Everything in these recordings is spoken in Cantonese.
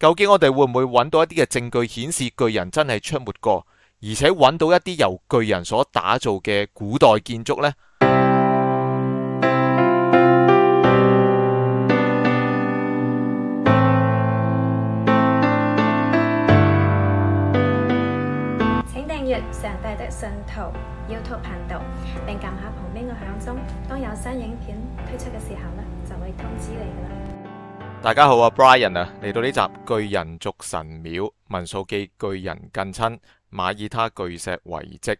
究竟我哋會唔會揾到一啲嘅證據顯示巨人真係出沒過，而且揾到一啲由巨人所打造嘅古代建築呢？請訂閱上帝的信徒 YouTube 頻道，並撳下旁邊嘅響鐘，當有新影片推出嘅時候呢，就會通知你噶啦。大家好啊，Brian 啊，嚟到呢集巨人族神廟，民數記巨人近親，馬爾他巨石遺跡。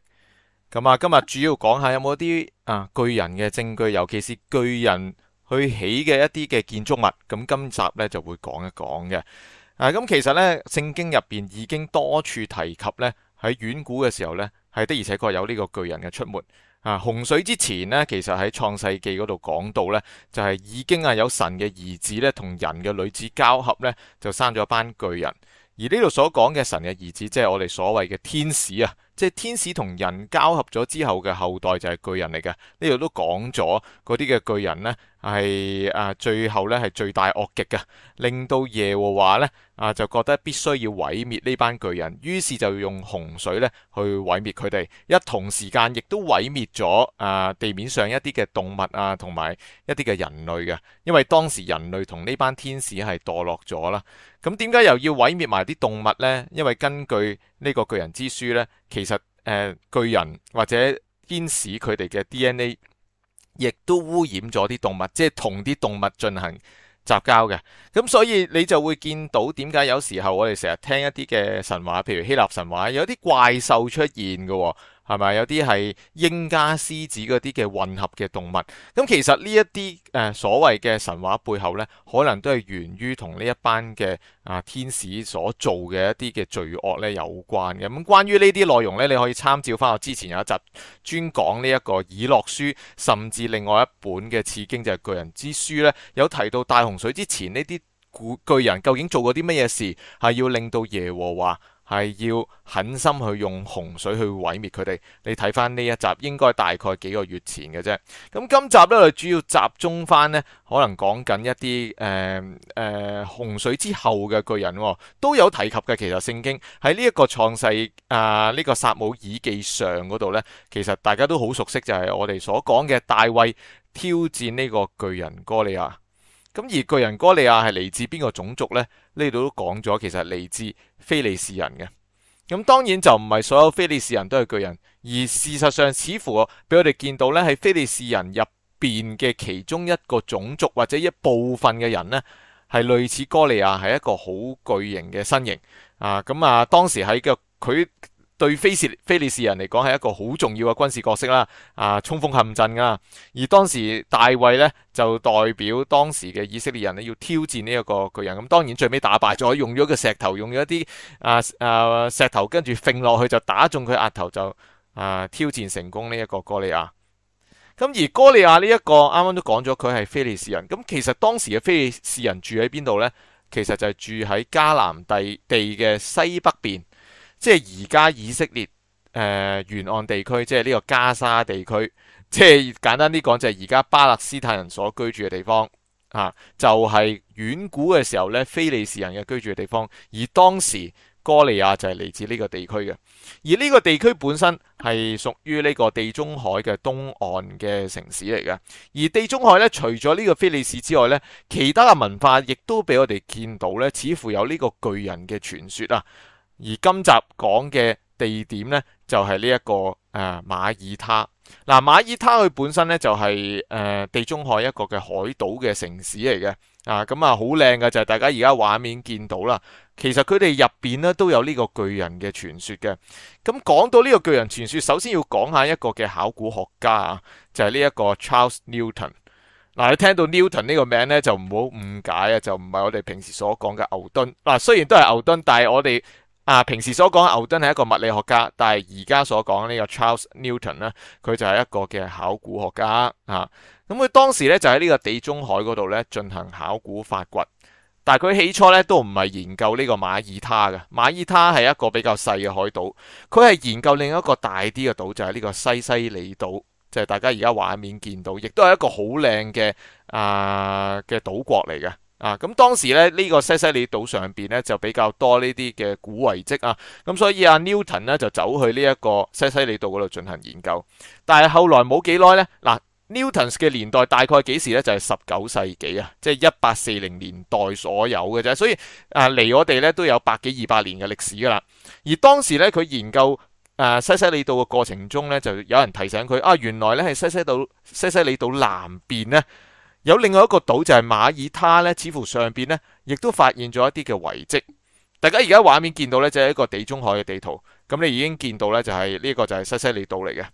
咁啊，今日主要講下有冇啲啊巨人嘅證據，尤其是巨人去起嘅一啲嘅建築物。咁今集呢，就會講一講嘅啊。咁其實呢，聖經入邊已經多處提及呢，喺遠古嘅時候呢，係的而且確有呢個巨人嘅出沒。啊！洪水之前呢，其實喺創世記嗰度講到呢，就係已經啊有神嘅兒子咧同人嘅女子交合呢，就生咗班巨人。而呢度所講嘅神嘅兒子，即係我哋所謂嘅天使啊，即係天使同人交合咗之後嘅後代就係巨人嚟嘅。呢度都講咗嗰啲嘅巨人呢。係啊，最後呢係最大惡極嘅，令到耶和華呢，啊就覺得必須要毀滅呢班巨人，於是就用洪水呢去毀滅佢哋，一同時間亦都毀滅咗啊地面上一啲嘅動物啊，同埋一啲嘅人類嘅。因為當時人類同呢班天使係墮落咗啦，咁點解又要毀滅埋啲動物呢？因為根據呢個巨人之書呢，其實、呃、巨人或者天使佢哋嘅 DNA。亦都污染咗啲動物，即係同啲動物進行雜交嘅，咁所以你就會見到點解有時候我哋成日聽一啲嘅神話，譬如希臘神話，有啲怪獸出現嘅喎。係咪有啲係英加獅子嗰啲嘅混合嘅動物？咁其實呢一啲誒所謂嘅神話背後呢，可能都係源於同呢一班嘅啊天使所做嘅一啲嘅罪惡咧有關嘅。咁關於呢啲內容呢，你可以參照返我之前有一集專講呢一個以諾書，甚至另外一本嘅次經就係巨人之書呢，有提到大洪水之前呢啲古巨人究竟做過啲乜嘢事，係、啊、要令到耶和華。係要狠心去用洪水去毀滅佢哋。你睇翻呢一集，應該大概幾個月前嘅啫。咁今集呢，我主要集中翻呢，可能講緊一啲誒誒洪水之後嘅巨人、哦，都有提及嘅。其實聖經喺呢一個創世啊，呢、呃這個撒母耳記上嗰度呢，其實大家都好熟悉，就係我哋所講嘅大衛挑戰呢個巨人哥利亞。咁而巨人哥利亞係嚟自邊個種族呢？呢度都講咗，其實嚟自非利士人嘅。咁當然就唔係所有非利士人都係巨人，而事實上似乎俾我哋見到呢，係非利士人入邊嘅其中一個種族或者一部分嘅人呢，係類似哥利亞，係一個好巨型嘅身形。啊，咁、嗯、啊，當時喺個佢。對非士非利士人嚟講係一個好重要嘅軍事角色啦，啊衝鋒陷陣噶，而當時大衛呢，就代表當時嘅以色列人呢，要挑戰呢一個巨人，咁當然最尾打敗咗，用咗個石頭，用咗一啲啊啊石頭，跟住揈落去就打中佢額頭，就啊挑戰成功呢一個哥利亞。咁而哥利亞呢一個啱啱都講咗佢係非利士人，咁其實當時嘅非利士人住喺邊度呢？其實就係住喺迦南地地嘅西北邊。即係而家以色列誒、呃、沿岸地區，即係呢個加沙地區，即係簡單啲講，就係而家巴勒斯坦人所居住嘅地方啊。就係、是、遠古嘅時候呢，菲利士人嘅居住嘅地方，而當時歌利亞就係嚟自呢個地區嘅。而呢個地區本身係屬於呢個地中海嘅東岸嘅城市嚟嘅。而地中海呢，除咗呢個菲利士之外呢，其他嘅文化亦都俾我哋見到呢，似乎有呢個巨人嘅傳說啊。而今集講嘅地點呢，就係呢一個誒、呃、馬爾他。嗱、啊，馬爾他佢本身呢，就係、是、誒、呃、地中海一個嘅海島嘅城市嚟嘅。啊，咁啊好靚嘅就係、是、大家而家畫面見到啦。其實佢哋入邊呢，都有呢個巨人嘅傳説嘅。咁、啊、講到呢個巨人傳説，首先要講下一個嘅考古學家啊，就係呢一個 Charles Newton。嗱、啊，你聽到 Newton 呢個名呢，就唔好誤解啊，就唔係我哋平時所講嘅牛頓。嗱、啊，雖然都係牛頓，但係我哋。啊，平時所講牛頓係一個物理學家，但係而家所講呢個 Charles Newton 咧，佢就係一個嘅考古學家啊。咁佢當時呢，就喺呢個地中海嗰度咧進行考古發掘，但係佢起初呢，都唔係研究呢個馬爾他嘅。馬爾他係一個比較細嘅海島，佢係研究另一個大啲嘅島，就係呢個西西里島，就係大家而家畫面見到，亦都係一個好靚嘅啊嘅島國嚟嘅。啊，咁當時咧呢，這個西西里島上邊咧就比較多呢啲嘅古遺跡啊，咁，啊，所以阿，啊、Newton 呢，就走去呢一個西西里島嗰度進行研究，但係後來冇幾耐呢嗱，啊、Newton 嘅年代大概幾時呢？就係十九世紀啊，即係一八四零年代所有嘅啫，所以啊嚟我哋呢，都有百幾二百年嘅歷史噶啦。而當時呢，佢研究，啊、西西里島嘅過程中呢，就有人提醒佢啊，原來呢，係西西島西西里島南邊呢。有另外一個島，就係馬爾他呢，似乎上邊呢，亦都發現咗一啲嘅遺跡。大家而家畫面見到呢，就係一個地中海嘅地圖。咁你已經見到呢，就係呢個就係西西里島嚟嘅，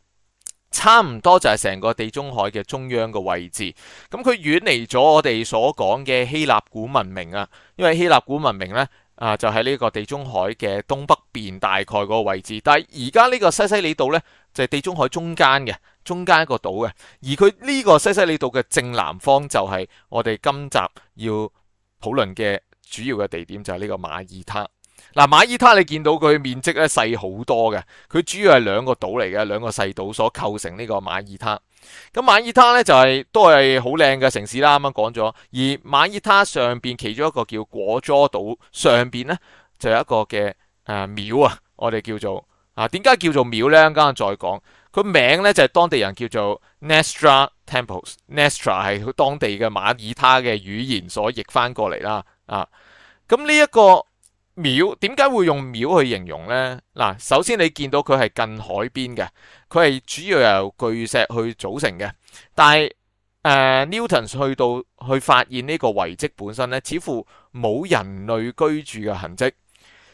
差唔多就係成個地中海嘅中央嘅位置。咁佢遠離咗我哋所講嘅希臘古文明啊，因為希臘古文明呢，啊，就喺呢個地中海嘅東北邊大概個位置。但係而家呢個西西里島呢，就係地中海中間嘅。中間一個島嘅，而佢呢個西西里島嘅正南方就係我哋今集要討論嘅主要嘅地點，就係、是、呢個馬爾他。嗱，馬爾他你見到佢面積咧細好多嘅，佢主要係兩個島嚟嘅，兩個細島所構成呢個馬爾他。咁馬爾他呢、就是，就係都係好靚嘅城市啦，啱啱講咗。而馬爾他上邊其中一個叫果佐島，上邊呢就有一個嘅誒、呃、廟啊，我哋叫做啊，點解叫做廟呢？等陣再講。個名咧就係當地人叫做 Nestra Temples，Nestra 係佢當地嘅馬爾他嘅語言所譯翻過嚟啦。啊，咁呢一個廟點解會用廟去形容呢？嗱，首先你見到佢係近海邊嘅，佢係主要由巨石去組成嘅，但係誒、呃、Newton 去到去發現呢個遺跡本身呢，似乎冇人類居住嘅痕跡。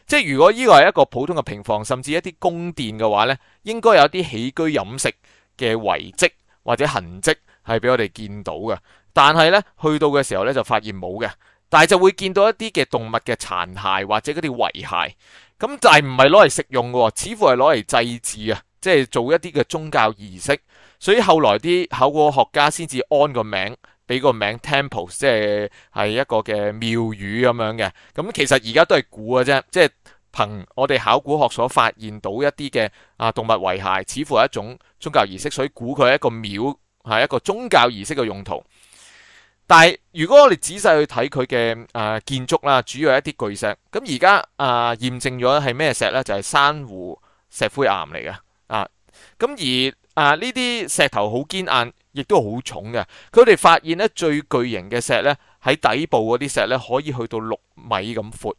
即係如果呢個係一個普通嘅平房，甚至一啲宮殿嘅話呢，應該有啲起居飲食嘅遺跡或者痕跡係俾我哋見到嘅。但係呢，去到嘅時候呢就發現冇嘅，但係就會見到一啲嘅動物嘅殘骸或者嗰啲遺骸。咁就係唔係攞嚟食用嘅，似乎係攞嚟祭祀啊，即係做一啲嘅宗教儀式。所以後來啲考古學家先至安個名。俾個名 Temples，即係係一個嘅廟宇咁樣嘅。咁其實而家都係估嘅啫，即係憑我哋考古學所發現到一啲嘅啊動物遺骸，似乎係一種宗教儀式，所以估佢係一個廟，係一個宗教儀式嘅用途。但係如果我哋仔細去睇佢嘅啊建築啦，主要係一啲巨石。咁而家啊驗證咗係咩石呢？就係、是、珊瑚石灰岩嚟嘅啊。咁而啊！呢啲石頭好堅硬，亦都好重嘅。佢哋發現呢，最巨型嘅石呢，喺底部嗰啲石呢可以去到六米咁闊，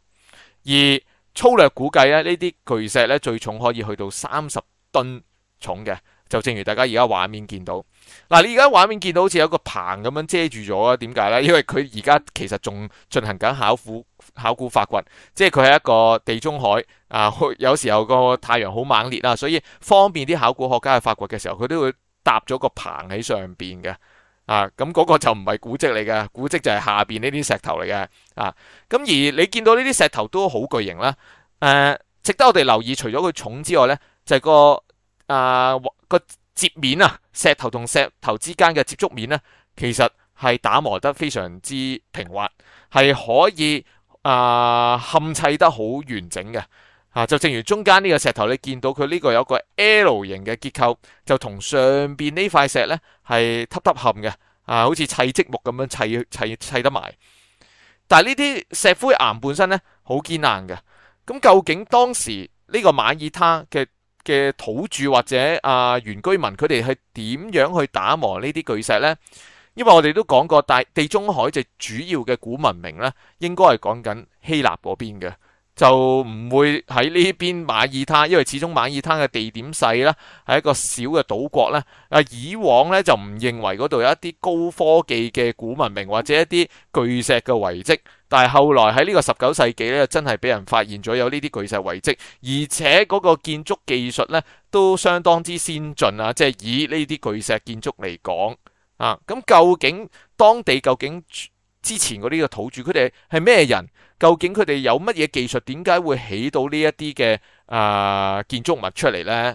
而粗略估計呢，呢啲巨石呢最重可以去到三十噸重嘅。就正如大家而家畫面見到，嗱、啊、你而家畫面見到好似有個棚咁樣遮住咗啊。點解呢？因為佢而家其實仲進行緊考古考古發掘，即係佢係一個地中海啊。有時候個太陽好猛烈啦，所以方便啲考古學家去發掘嘅時候，佢都會搭咗個棚喺上邊嘅啊。咁嗰個就唔係古蹟嚟嘅，古蹟就係下邊呢啲石頭嚟嘅啊。咁而你見到呢啲石頭都好巨型啦。誒、啊，值得我哋留意，除咗佢重之外呢，就係個啊，那個接面啊，石頭同石頭之間嘅接觸面呢，啊，其實係打磨得非常之平滑，係可以啊，嵌砌得好完整嘅。啊，就正如中間呢個石頭，你見到佢呢個有個 L 型嘅結構，就同上邊呢塊石呢係凸凸嵌嘅。啊，好似砌積木咁樣砌砌砌，砌得埋。但係呢啲石灰岩本身呢，好堅硬嘅。咁究竟當時呢個馬爾他嘅？嘅土著或者啊原居民，佢哋係點樣去打磨呢啲巨石呢？因為我哋都講過大地中海最主要嘅古文明咧，應該係講緊希臘嗰邊嘅，就唔會喺呢邊馬爾他，因為始終馬爾他嘅地點細啦，係一個小嘅島國咧。啊，以往呢，就唔認為嗰度有一啲高科技嘅古文明或者一啲巨石嘅遺跡。但係後來喺呢個十九世紀咧，真係俾人發現咗有呢啲巨石遺跡，而且嗰個建築技術咧都相當之先進啊！即係以呢啲巨石建築嚟講啊，咁究竟當地究竟之前嗰呢個土著佢哋係咩人？究竟佢哋有乜嘢技術？點解會起到呢一啲嘅啊建築物出嚟呢？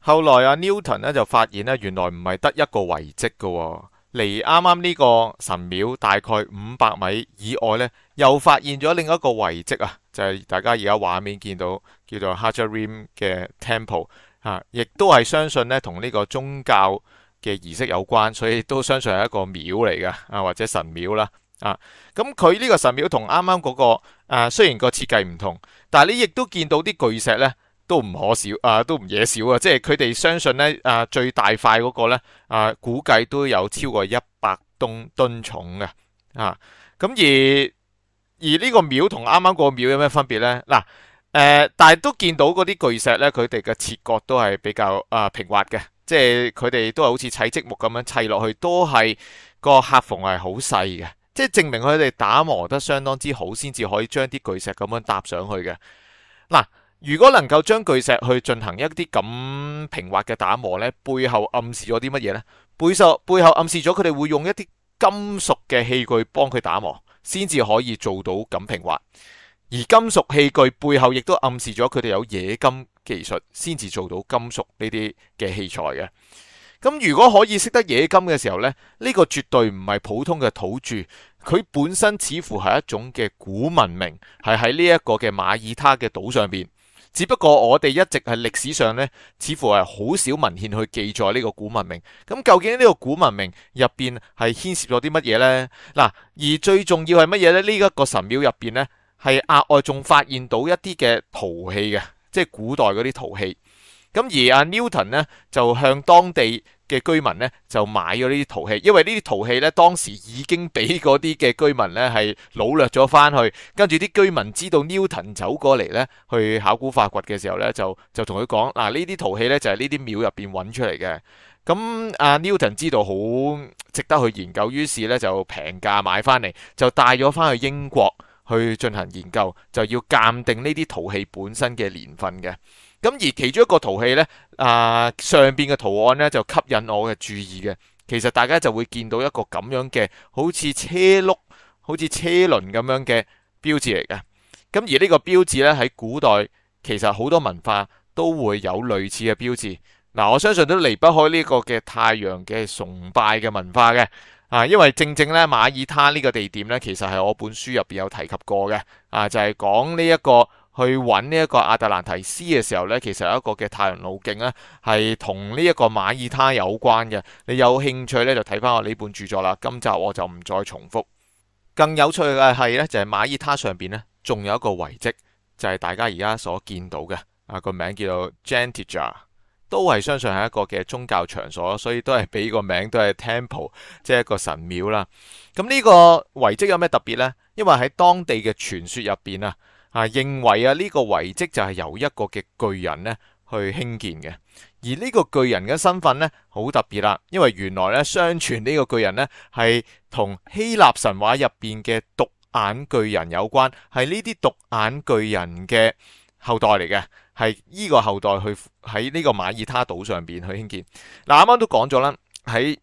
後來阿 Newton 咧就發現咧，原來唔係得一個遺跡㗎喎、哦。離啱啱呢個神廟大概五百米以外呢，又發現咗另一個遺跡啊，就係、是、大家而家畫面見到叫做 Hajarim 嘅 temple 啊，亦都係相信呢同呢個宗教嘅儀式有關，所以都相信係一個廟嚟噶啊，或者神廟啦啊。咁佢呢個神廟同啱啱嗰個誒、啊，雖然個設計唔同，但係你亦都見到啲巨石呢，都唔可少啊，都唔嘢少啊，即係佢哋相信呢啊，最大塊嗰個呢，啊，估計都有超過一百噸噸重嘅啊。咁而而呢個廟同啱啱個廟有咩分別呢？嗱、啊，誒、啊，但係都見到嗰啲巨石呢，佢哋嘅切割都係比較啊平滑嘅，即係佢哋都係好似砌積木咁樣砌落去，都係個隙縫係好細嘅，即係證明佢哋打磨得相當之好，先至可以將啲巨石咁樣搭上去嘅嗱。啊如果能夠將巨石去進行一啲咁平滑嘅打磨呢，背後暗示咗啲乜嘢呢？背受，背後暗示咗佢哋會用一啲金屬嘅器具幫佢打磨，先至可以做到咁平滑。而金屬器具背後亦都暗示咗佢哋有冶金技術，先至做到金屬呢啲嘅器材嘅。咁如果可以識得冶金嘅時候呢，呢、呢個絕對唔係普通嘅土著，佢本身似乎係一種嘅古文明，係喺呢一個嘅馬爾他嘅島上邊。只不過我哋一直係歷史上呢，似乎係好少文獻去記載呢個古文明。咁究竟呢個古文明入邊係牽涉咗啲乜嘢呢？嗱，而最重要係乜嘢呢？呢一個神廟入邊呢，係額外仲發現到一啲嘅陶器嘅，即係古代嗰啲陶器。咁而阿 Newton 呢，就向當地嘅居民呢，就買咗呢啲陶器，因為呢啲陶器呢，當時已經俾嗰啲嘅居民呢，係擄掠咗翻去，跟住啲居民知道 Newton 走過嚟呢，去考古發掘嘅時候呢，就就同佢講，嗱，呢啲陶器呢，就係呢啲廟入邊揾出嚟嘅，咁阿 Newton 知道好值得去研究，於是呢，就平價買翻嚟，就帶咗翻去英國。去進行研究就要鑑定呢啲陶器本身嘅年份嘅。咁而其中一個陶器呢，啊、呃、上邊嘅圖案呢，就吸引我嘅注意嘅。其實大家就會見到一個咁樣嘅，好似車轆、好似車輪咁樣嘅標誌嚟嘅。咁而呢個標誌呢，喺古代其實好多文化都會有類似嘅標誌。嗱、啊、我相信都離不開呢個嘅太陽嘅崇拜嘅文化嘅。啊，因為正正咧馬爾他呢個地點咧，其實係我本書入邊有提及過嘅。啊就係、是、講呢、這、一個去揾呢一個亞特蘭提斯嘅時候咧，其實有一個嘅太陽路徑咧，係同呢一個馬爾他有關嘅。你有興趣咧就睇翻我呢本著作啦，今集我就唔再重複。更有趣嘅係咧，就係、是、馬爾他上邊咧，仲有一個遺跡，就係、是、大家而家所見到嘅，啊個名叫做 Ġgantija 都係相信係一個嘅宗教場所，所以都係俾個名都係 Temple，即係一個神廟啦。咁呢個遺跡有咩特別呢？因為喺當地嘅傳說入邊啊，啊認為啊呢個遺跡就係由一個嘅巨人呢去興建嘅，而呢個巨人嘅身份呢，好特別啦，因為原來呢，相傳呢個巨人呢，係同希臘神話入邊嘅獨眼巨人有關，係呢啲獨眼巨人嘅後代嚟嘅。係依個後代去喺呢個馬爾他島上邊去興建。嗱啱啱都講咗啦，喺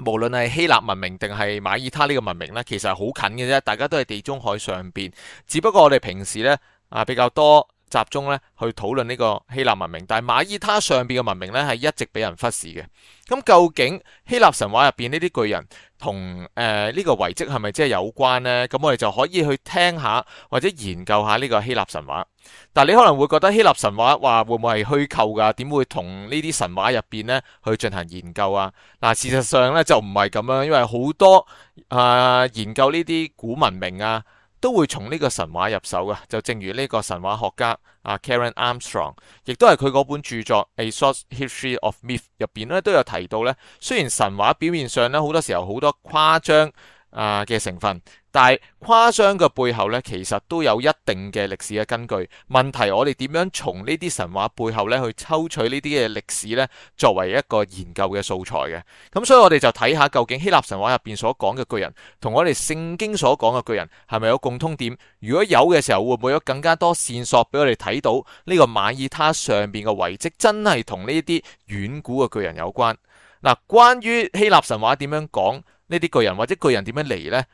無論係希臘文明定係馬爾他呢個文明呢，其實係好近嘅啫，大家都係地中海上邊，只不過我哋平時呢啊比較多。集中咧去討論呢個希臘文明，但係馬爾他上邊嘅文明咧係一直俾人忽視嘅。咁究竟希臘神話入邊呢啲巨人同誒呢個遺跡係咪真係有關呢？咁我哋就可以去聽下或者研究下呢個希臘神話。但你可能會覺得希臘神話話會唔會係虛構㗎？點會同呢啲神話入邊咧去進行研究啊？嗱，事實上呢就唔係咁樣，因為好多啊、呃、研究呢啲古文明啊。都會從呢個神話入手㗎，就正如呢個神話學家啊 Karen Armstrong，亦都係佢嗰本著作《A Short History of Myth》入邊咧都有提到咧。雖然神話表面上咧好多時候好多誇張啊嘅成分，但係誇張嘅背後呢，其實都有一定嘅歷史嘅根據。問題我哋點樣從呢啲神話背後呢去抽取呢啲嘅歷史呢？作為一個研究嘅素材嘅。咁所以我哋就睇下究竟希臘神話入邊所講嘅巨人，同我哋聖經所講嘅巨人係咪有共通點？如果有嘅時候，會唔會有更加多線索俾我哋睇到呢個馬爾他上邊嘅遺跡真係同呢啲遠古嘅巨人有關？嗱，關於希臘神話點樣講？呢啲巨人或者巨人點樣嚟呢？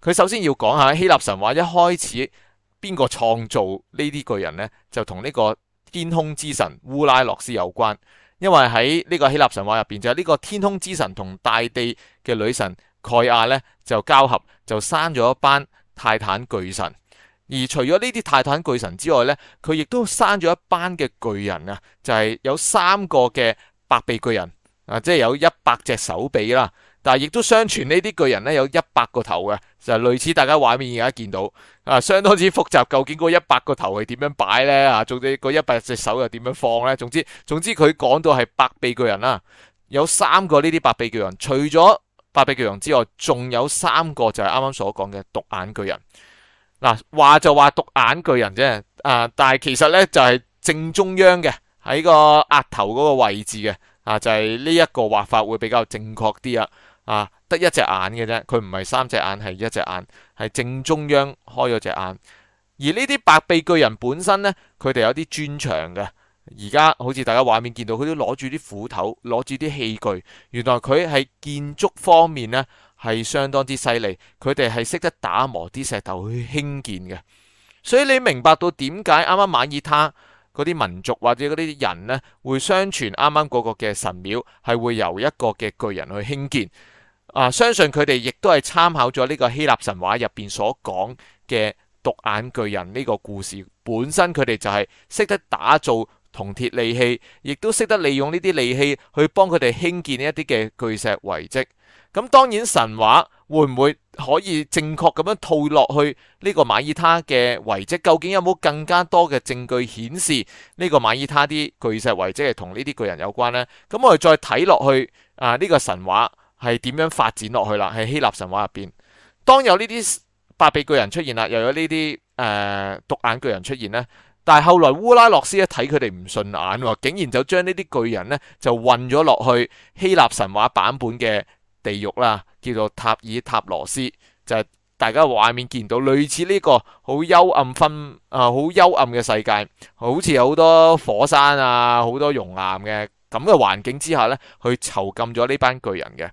佢首先要講下希臘神話一開始邊個創造呢啲巨人呢？就同呢個天空之神烏拉諾斯有關，因為喺呢個希臘神話入邊，就係呢個天空之神同大地嘅女神蓋亞呢，就交合，就生咗一班泰坦巨神。而除咗呢啲泰坦巨神之外呢，佢亦都生咗一班嘅巨人啊，就係有三個嘅白臂巨人啊，即係有一百隻手臂啦。但係亦都相傳呢啲巨人呢，有一百個頭嘅，就類似大家畫面而家見到啊，相當之複雜。究竟嗰一百個頭係點樣擺呢？啊，仲有嗰一百隻手又點樣放呢？總之，總之佢講到係百臂巨人啦，有三個呢啲百臂巨人，除咗百臂巨人之外，仲有三個就係啱啱所講嘅獨眼巨人。嗱、啊，話就話獨眼巨人啫，啊，但係其實呢，就係、是、正中央嘅，喺個額頭嗰個位置嘅，啊，就係呢一個畫法會比較正確啲啊。啊，得一隻眼嘅啫，佢唔係三隻眼，係一隻眼，係正中央開咗隻眼。而呢啲白臂巨人本身呢，佢哋有啲專長嘅。而家好似大家畫面見到，佢都攞住啲斧頭，攞住啲器具。原來佢喺建築方面呢，係相當之犀利，佢哋係識得打磨啲石頭去興建嘅。所以你明白到點解啱啱馬爾他嗰啲民族或者嗰啲人呢，會相傳啱啱嗰個嘅神廟係會由一個嘅巨人去興建。啊！相信佢哋亦都係參考咗呢個希臘神話入邊所講嘅獨眼巨人呢個故事。本身佢哋就係識得打造銅鐵利器，亦都識得利用呢啲利器去幫佢哋興建一啲嘅巨石遺跡。咁當然神話會唔會可以正確咁樣套落去呢個馬爾他嘅遺跡？究竟有冇更加多嘅證據顯示呢個馬爾他啲巨石遺跡係同呢啲巨人有關呢？咁我哋再睇落去啊，呢個神話。係點樣發展落去啦？喺希臘神話入邊，當有呢啲八臂巨人出現啦，又有呢啲誒獨眼巨人出現咧。但係後來烏拉諾斯一睇佢哋唔順眼，竟然就將呢啲巨人呢，就混咗落去希臘神話版本嘅地獄啦，叫做塔爾塔羅斯，就係、大家畫面見到類似呢個好幽暗昏啊，好、呃、幽暗嘅世界，好似有好多火山啊，好多熔岩嘅。咁嘅環境之下咧，去囚禁咗呢班巨人嘅。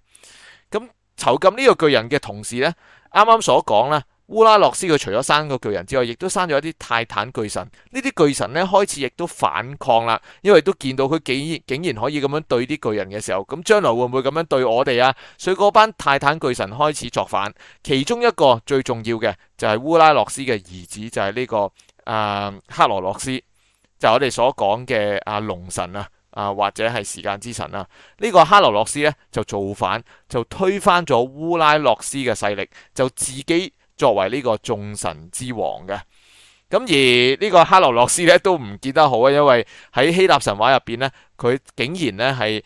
咁囚禁呢個巨人嘅同時呢，啱啱所講啦，烏拉洛斯佢除咗生個巨人之外，亦都生咗一啲泰坦巨神。呢啲巨神呢，開始亦都反抗啦，因為都見到佢竟竟然可以咁樣對啲巨人嘅時候，咁將來會唔會咁樣對我哋啊？所以嗰班泰坦巨神開始作反，其中一個最重要嘅就係烏拉洛斯嘅兒子，就係呢個啊克羅洛斯，就係我哋所講嘅啊龍神啊。啊，或者係時間之神啦，呢個哈羅洛斯咧就造反，就推翻咗烏拉洛斯嘅勢力，就自己作為呢個眾神之王嘅。咁而呢個哈羅洛斯咧都唔見得好啊，因為喺希臘神話入邊咧，佢竟然咧係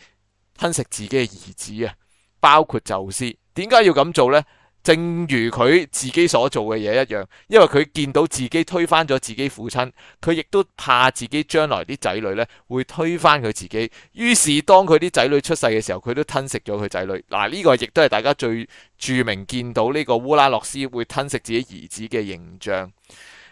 吞食自己嘅兒子啊，包括宙斯。點解要咁做呢？正如佢自己所做嘅嘢一樣，因為佢見到自己推翻咗自己父親，佢亦都怕自己將來啲仔女咧會推翻佢自己。於是當佢啲仔女出世嘅時候，佢都吞食咗佢仔女。嗱，呢個亦都係大家最著名見到呢個烏拉諾斯會吞食自己兒子嘅形象。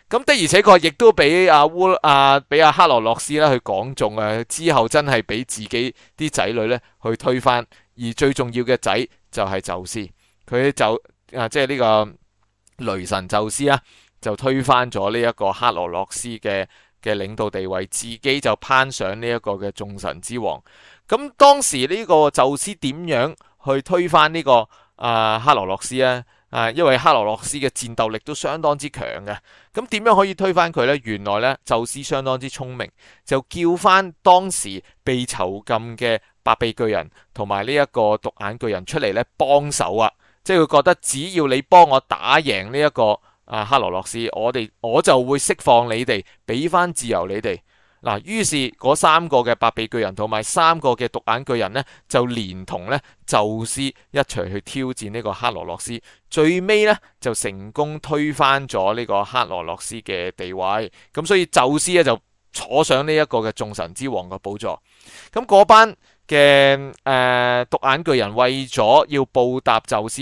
咁的而且確亦都俾阿烏阿俾阿克羅諾斯，咧去講中啊！之後真係俾自己啲仔女咧去推翻，而最重要嘅仔就係宙斯，佢就。啊！即係呢個雷神宙斯啊，就推翻咗呢一個克羅洛斯嘅嘅領導地位，自己就攀上呢一個嘅眾神之王。咁當時呢個宙斯點樣去推翻呢個啊克羅洛斯咧？啊，因為克羅洛斯嘅戰鬥力都相當之強嘅，咁點樣可以推翻佢呢？原來呢宙斯相當之聰明，就叫翻當時被囚禁嘅百臂巨人同埋呢一個獨眼巨人出嚟咧幫手啊！即係佢覺得，只要你幫我打贏呢一個啊克羅洛斯，我哋我就會釋放你哋，俾翻自由你哋。嗱，於是嗰三個嘅百臂巨人同埋三個嘅獨眼巨人呢，就連同呢宙斯一齊去挑戰呢個克羅洛斯，最尾呢，就成功推翻咗呢個克羅洛斯嘅地位。咁所以宙斯呢，就坐上呢一個嘅眾神之王嘅寶座。咁嗰班嘅誒獨眼巨人為咗要報答宙斯，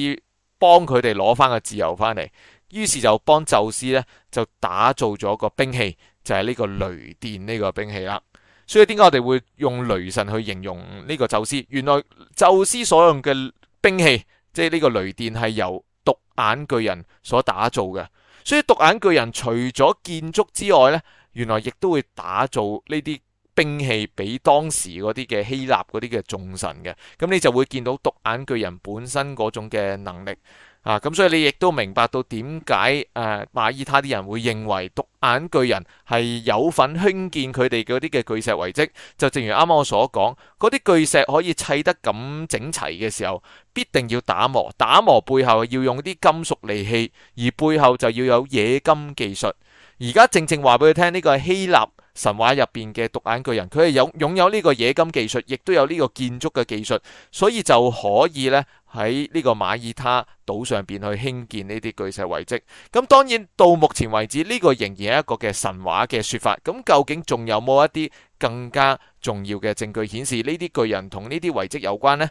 幫佢哋攞翻個自由翻嚟，於是就幫宙斯咧就打造咗個兵器，就係呢個雷電呢個兵器啦。所以點解我哋會用雷神去形容呢個宙斯？原來宙斯所用嘅兵器，即係呢個雷電係由獨眼巨人所打造嘅。所以獨眼巨人除咗建築之外咧，原來亦都會打造呢啲。兵器俾當時嗰啲嘅希臘嗰啲嘅眾神嘅，咁你就會見到獨眼巨人本身嗰種嘅能力啊！咁所以你亦都明白到點解誒馬爾他啲人會認為獨眼巨人係有份興建佢哋嗰啲嘅巨石遺跡。就正如啱啱我所講，嗰啲巨石可以砌得咁整齊嘅時候，必定要打磨，打磨背後要用啲金屬利器，而背後就要有冶金技術。而家正正話俾佢聽，呢個係希臘神話入邊嘅獨眼巨人，佢係有擁有呢個冶金技術，亦都有呢個建築嘅技術，所以就可以呢喺呢個馬爾他島上邊去興建呢啲巨石遺跡。咁當然到目前為止，呢個仍然係一個嘅神話嘅説法。咁究竟仲有冇一啲更加重要嘅證據顯示呢啲巨人同呢啲遺跡有關呢？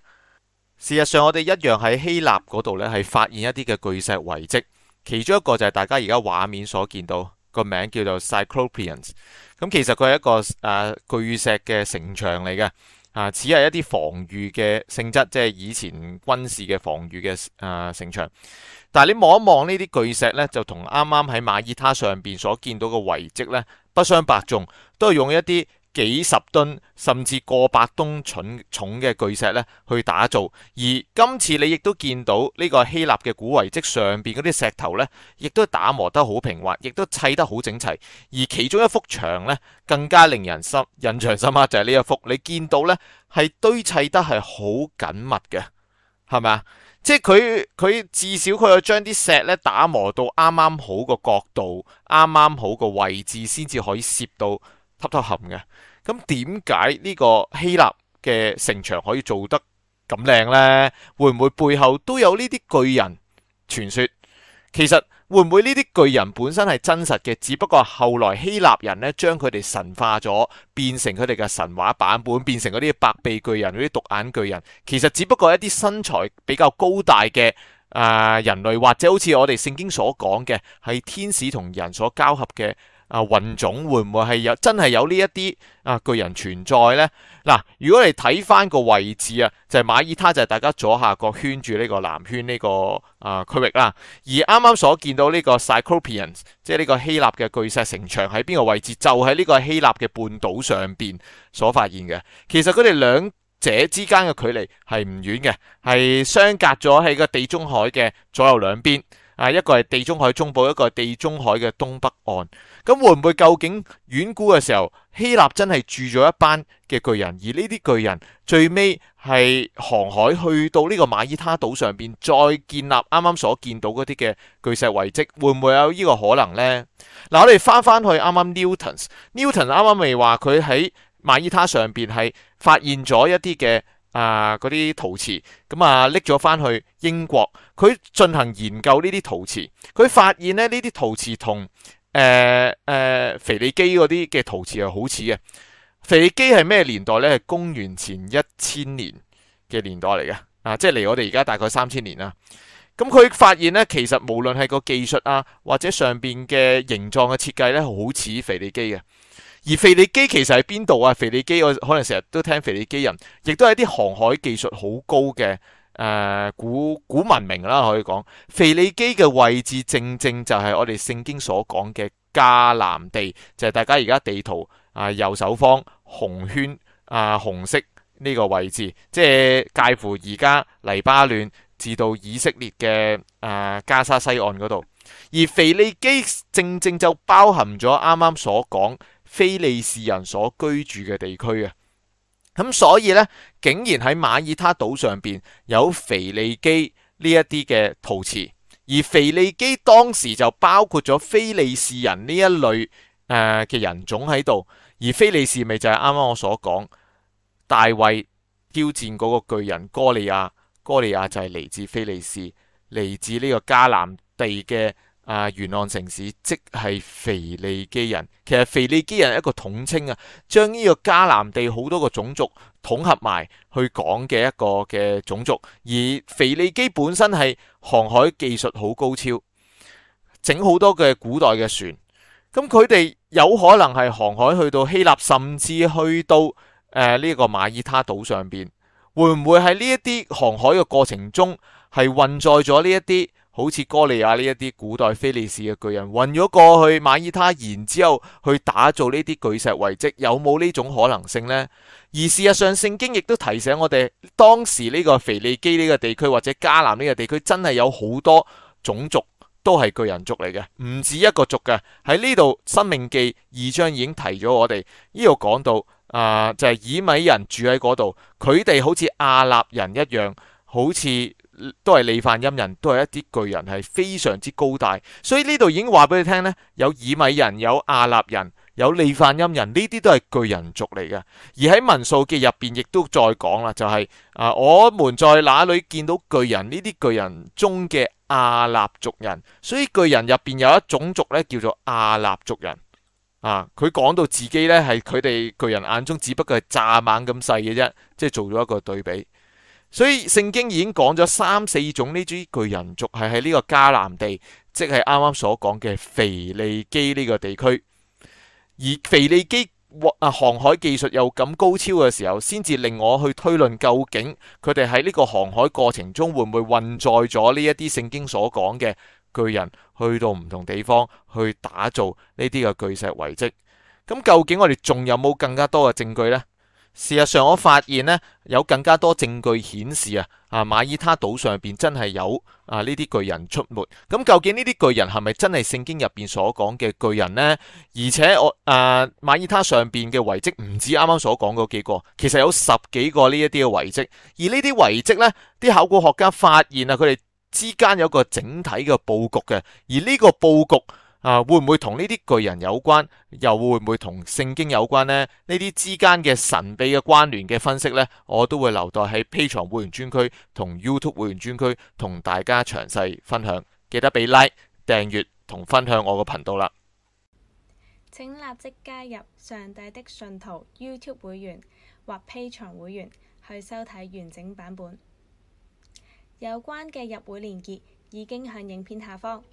事實上，我哋一樣喺希臘嗰度呢，係發現一啲嘅巨石遺跡，其中一個就係大家而家畫面所見到。個名叫做 Cyclopeans，咁其實佢係一個啊巨石嘅城牆嚟嘅，啊只係一啲防禦嘅性質，即係以前軍事嘅防禦嘅啊城牆。但係你望一望呢啲巨石呢，就同啱啱喺馬爾他上邊所見到嘅遺跡呢，不相伯仲，都係用一啲。幾十噸甚至過百噸重重嘅巨石咧，去打造。而今次你亦都見到呢個希臘嘅古遺跡上邊嗰啲石頭呢，亦都打磨得好平滑，亦都砌得好整齊。而其中一幅牆呢，更加令人心印象深刻，就係呢一幅。你見到呢係堆砌得係好緊密嘅，係咪啊？即係佢佢至少佢要將啲石咧打磨到啱啱好個角度，啱啱好個位置，先至可以攝到。偷偷含嘅，咁點解呢個希臘嘅城牆可以做得咁靚呢？會唔會背後都有呢啲巨人傳說？其實會唔會呢啲巨人本身係真實嘅？只不過後來希臘人呢將佢哋神化咗，變成佢哋嘅神話版本，變成嗰啲百臂巨人，嗰啲獨眼巨人。其實只不過一啲身材比較高大嘅啊人類，或者好似我哋聖經所講嘅，係天使同人所交合嘅。啊，雲種會唔會係有真係有呢一啲啊巨人存在呢？嗱、啊，如果你睇翻個位置啊，就係、是、馬爾他，就係大家左下角圈住呢個藍圈呢、這個啊區域啦。而啱啱所見到呢個 Cyclopeans 即係呢個希臘嘅巨石城牆喺邊個位置？就喺、是、呢個希臘嘅半島上邊所發現嘅。其實佢哋兩者之間嘅距離係唔遠嘅，係相隔咗喺個地中海嘅左右兩邊啊。一個係地中海中部，一個係地中海嘅東北岸。咁會唔會？究竟遠古嘅時候，希臘真係住咗一班嘅巨人，而呢啲巨人最尾係航海去到呢個馬爾他島上邊，再建立啱啱所見到嗰啲嘅巨石遺跡，會唔會有呢個可能呢？嗱，我哋翻翻去啱啱 Newton，Newton 啱啱咪話佢喺馬爾他上邊係發現咗一啲嘅啊嗰啲陶瓷，咁啊拎咗翻去英國，佢進行研究呢啲陶瓷，佢發現咧呢啲陶瓷同誒誒、呃呃，肥利基嗰啲嘅陶瓷係好似嘅。肥利基係咩年代呢？係公元前一千年嘅年代嚟嘅，啊，即係離我哋而家大概三千年啦。咁、嗯、佢發現呢，其實無論係個技術啊，或者上邊嘅形狀嘅設計呢，好似肥利基嘅。而肥利基其實喺邊度啊？肥利基我可能成日都聽肥利基人，亦都係啲航海技術好高嘅。誒、呃，古古文明啦，可以講，腓尼基嘅位置正正就係我哋聖經所講嘅迦南地，就係、是、大家而家地圖啊、呃、右手方紅圈啊、呃、紅色呢個位置，即係介乎而家黎巴嫩至到以色列嘅啊、呃、加沙西岸嗰度，而腓尼基正正就包含咗啱啱所講非利士人所居住嘅地區嘅。咁所以呢，竟然喺馬耳他馬爾他島上邊有腓利基呢一啲嘅陶瓷，而腓利基當時就包括咗非利士人呢一類誒嘅、呃、人種喺度，而非利士咪就係啱啱我所講大衛挑戰嗰個巨人哥利亞，哥利亞就係嚟自菲利士，嚟自呢個迦南地嘅。啊！沿岸城市即係腓尼基人，其實腓尼基人係一個統稱啊，將呢個迦南地好多個種族統合埋去講嘅一個嘅種族。而腓尼基本身係航海技術好高超，整好多嘅古代嘅船。咁佢哋有可能係航海去到希臘，甚至去到誒呢、呃這個馬爾他島上邊，會唔會喺呢一啲航海嘅過程中係運載咗呢一啲？好似歌利亞呢一啲古代非利士嘅巨人運咗過去馬爾他，然之後去打造呢啲巨石遺跡，有冇呢種可能性呢？而事實上，聖經亦都提醒我哋，當時呢個腓利基呢個地區或者迦南呢個地區，真係有好多種族都係巨人族嚟嘅，唔止一個族嘅。喺呢度《申命記》二章已經提咗我哋呢度講到，啊、呃，就係、是、以米人住喺嗰度，佢哋好似亞納人一樣，好似。都係利乏音人，都係一啲巨人，係非常之高大。所以呢度已經話俾你聽呢，有以米人，有亞衲人，有利乏音人，呢啲都係巨人族嚟嘅。而喺民數記入邊，亦都再講啦，就係、是、啊，我們在哪裏見到巨人？呢啲巨人中嘅亞衲族人，所以巨人入邊有一種族呢，叫做亞衲族人。啊，佢講到自己呢，係佢哋巨人眼中，只不過係蚱蜢咁細嘅啫，即係做咗一個對比。所以聖經已經講咗三四種呢種巨人族係喺呢個迦南地，即係啱啱所講嘅腓利基呢個地區。而腓利基航啊航海技術又咁高超嘅時候，先至令我去推論究竟佢哋喺呢個航海過程中會唔會運載咗呢一啲聖經所講嘅巨人去到唔同地方去打造呢啲嘅巨石遺跡。咁究竟我哋仲有冇更加多嘅證據呢？事實上，我發現呢，有更加多證據顯示啊，啊馬爾他島上邊真係有啊呢啲巨人出沒。咁究竟呢啲巨人係咪真係聖經入邊所講嘅巨人呢？而且我啊馬爾他上邊嘅遺跡唔止啱啱所講嗰幾個，其實有十幾個呢一啲嘅遺跡。而呢啲遺跡呢，啲考古學家發現啊，佢哋之間有個整體嘅佈局嘅。而呢個佈局。啊，會唔會同呢啲巨人有關？又會唔會同聖經有關呢？呢啲之間嘅神秘嘅關聯嘅分析呢，我都會留待喺 Patreon 會員專區同 YouTube 會員專區同大家詳細分享。記得俾 like、訂閱同分享我個頻道啦！請立即加入上帝的信徒 YouTube 會員或 Patreon 會員去收睇完整版本。有關嘅入會連結已經向影片下方。